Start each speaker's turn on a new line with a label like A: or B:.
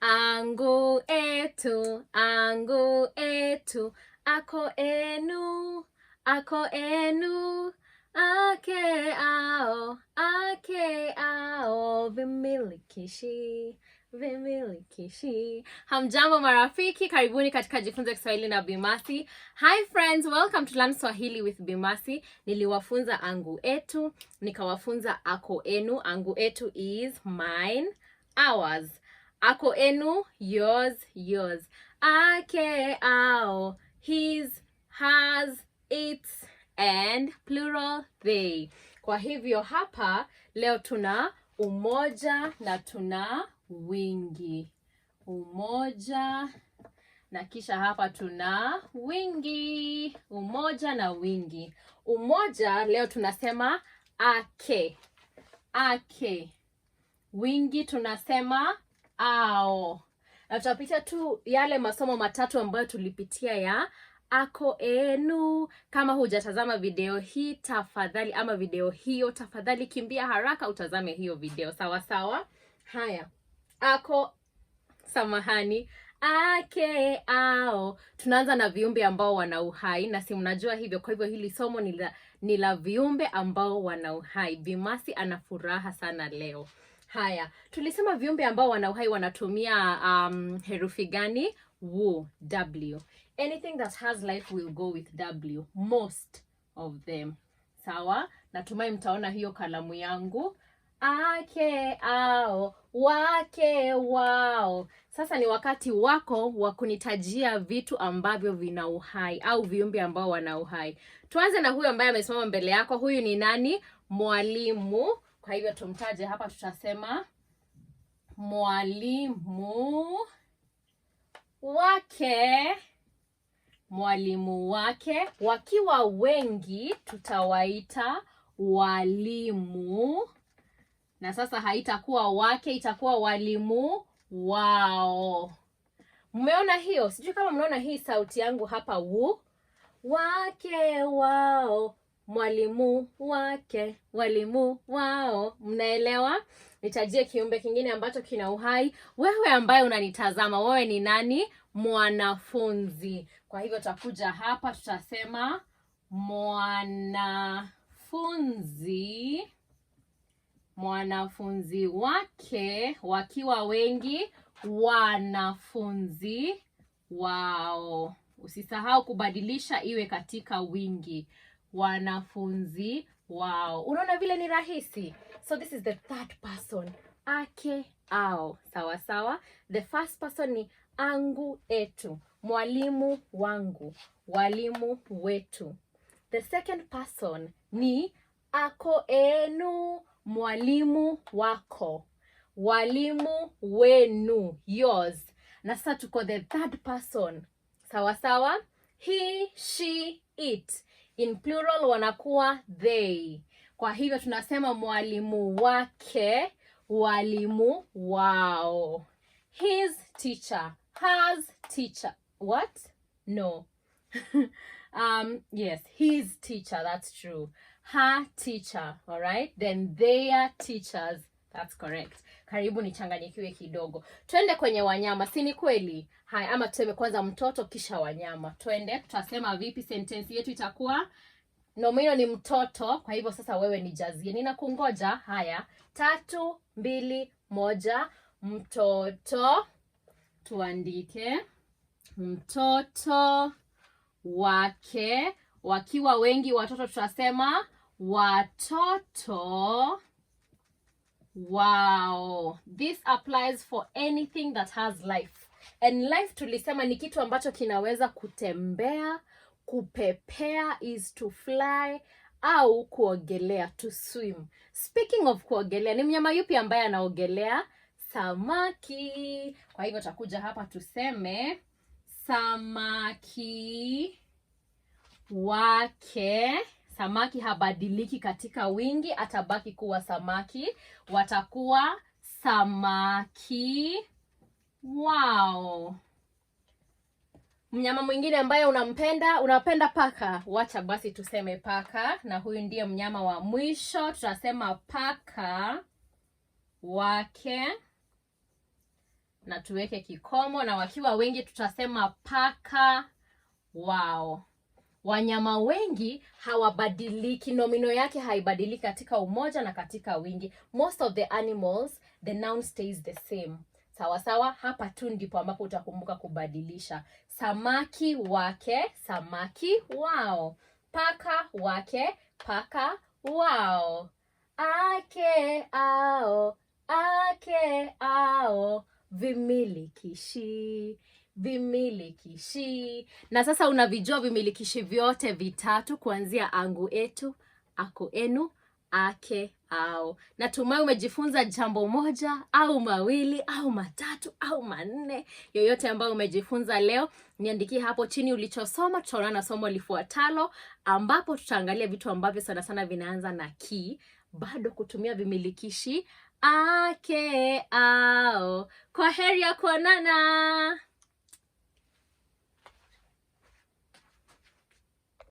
A: angu etu angu etu ako enu ako enu ake ao ake ao vimilikishi vimilikishi. Hamjambo marafiki, karibuni katika jifunza Kiswahili na Bimasi. Hi friends, welcome to Learn Swahili with Bimasi. Niliwafunza angu etu, nikawafunza ako enu. Angu etu is mine, ours Ako enu, yours, yours. Ake, ao, his, has its and plural they. Kwa hivyo hapa leo tuna umoja na tuna wingi. Umoja na kisha hapa tuna wingi. Umoja na wingi. Umoja leo tunasema ake. Ake. Wingi tunasema au tutapitia tu yale masomo matatu ambayo tulipitia ya ako enu. Kama hujatazama video hii tafadhali, ama video hiyo tafadhali, kimbia haraka utazame hiyo video, sawa sawa. Haya, ako samahani ake ao, tunaanza na viumbe ambao wana uhai, na si mnajua hivyo. Kwa hivyo hili somo ni la viumbe ambao wana uhai. Bimasi ana furaha sana leo. Haya, tulisema viumbe ambao wana uhai wanatumia um, herufi gani? W, W. Anything that has life will go with W. Most of them. Sawa, natumai mtaona hiyo kalamu yangu ake ao wake wao. Sasa ni wakati wako wa kunitajia vitu ambavyo vina uhai au viumbe ambao wana uhai. Tuanze na huyu ambaye amesimama mbele yako. Huyu ni nani? Mwalimu kwa hivyo tumtaje hapa, tutasema mwalimu wake mwalimu wake. Wakiwa wengi tutawaita walimu, na sasa haitakuwa wake, itakuwa walimu wao. Mmeona hiyo? Sijui kama mnaona hii sauti yangu hapa, wu wake wao mwalimu wake, walimu wao. Mnaelewa? Nitajie kiumbe kingine ambacho kina uhai. Wewe ambaye unanitazama, wewe ni nani? Mwanafunzi. Kwa hivyo tutakuja hapa, tutasema mwanafunzi, mwanafunzi wake, wakiwa wengi, wanafunzi wao. Usisahau kubadilisha iwe katika wingi wanafunzi wao. Unaona vile ni rahisi. So this is the third person ake ao, sawa sawa. The first person ni angu etu, mwalimu wangu, walimu wetu. The second person ni ako enu, mwalimu wako, walimu wenu, yours. Na sasa tuko the third person, sawa sawa, he she it in plural wanakuwa they. Kwa hivyo tunasema mwalimu wake, walimu wao. His teacher, has teacher. What? No. um, yes, his teacher, that's true. Her teacher, all right? Then their teachers. That's correct. Karibu nichanganyikiwe kidogo. Twende kwenye wanyama, si ni kweli? Haya, ama tuseme kwanza mtoto kisha wanyama. Twende, tutasema vipi? Sentensi yetu itakuwa nomino ni mtoto, kwa hivyo sasa wewe ni nijazie. Ninakungoja. Haya, tatu, mbili, moja. Mtoto, tuandike mtoto wake. Wakiwa wengi watoto, tutasema watoto Wow, this applies for anything that has life. And life tulisema ni kitu ambacho kinaweza kutembea, kupepea is to fly au kuogelea to swim. Speaking of kuogelea, ni mnyama yupi ambaye anaogelea? Samaki. Kwa hivyo takuja hapa tuseme samaki wake Samaki habadiliki katika wingi, atabaki kuwa samaki. Watakuwa samaki wao. Mnyama mwingine ambaye unampenda, unapenda paka, wacha basi tuseme paka, na huyu ndiye mnyama wa mwisho. Tutasema paka wake na tuweke kikomo, na wakiwa wengi tutasema paka wao. Wanyama wengi hawabadiliki, nomino yake haibadiliki katika umoja na katika wingi. Most of the animals the noun stays the same. Sawa sawa, hapa tu ndipo ambapo utakumbuka kubadilisha. Samaki wake, samaki wao. Paka wake, paka wao. Ake ao, ake ao vimilikishi vimilikishi. Na sasa unavijua vimilikishi vyote vitatu kuanzia angu, etu, ako, enu, ake, au Natumai umejifunza jambo moja au mawili au matatu au manne. Yoyote ambayo umejifunza leo, niandikie hapo chini ulichosoma. tutaona na somo lifuatalo, ambapo tutaangalia vitu ambavyo sana sana vinaanza na ki, bado kutumia vimilikishi ake ao. Kwa heri ya kuonana.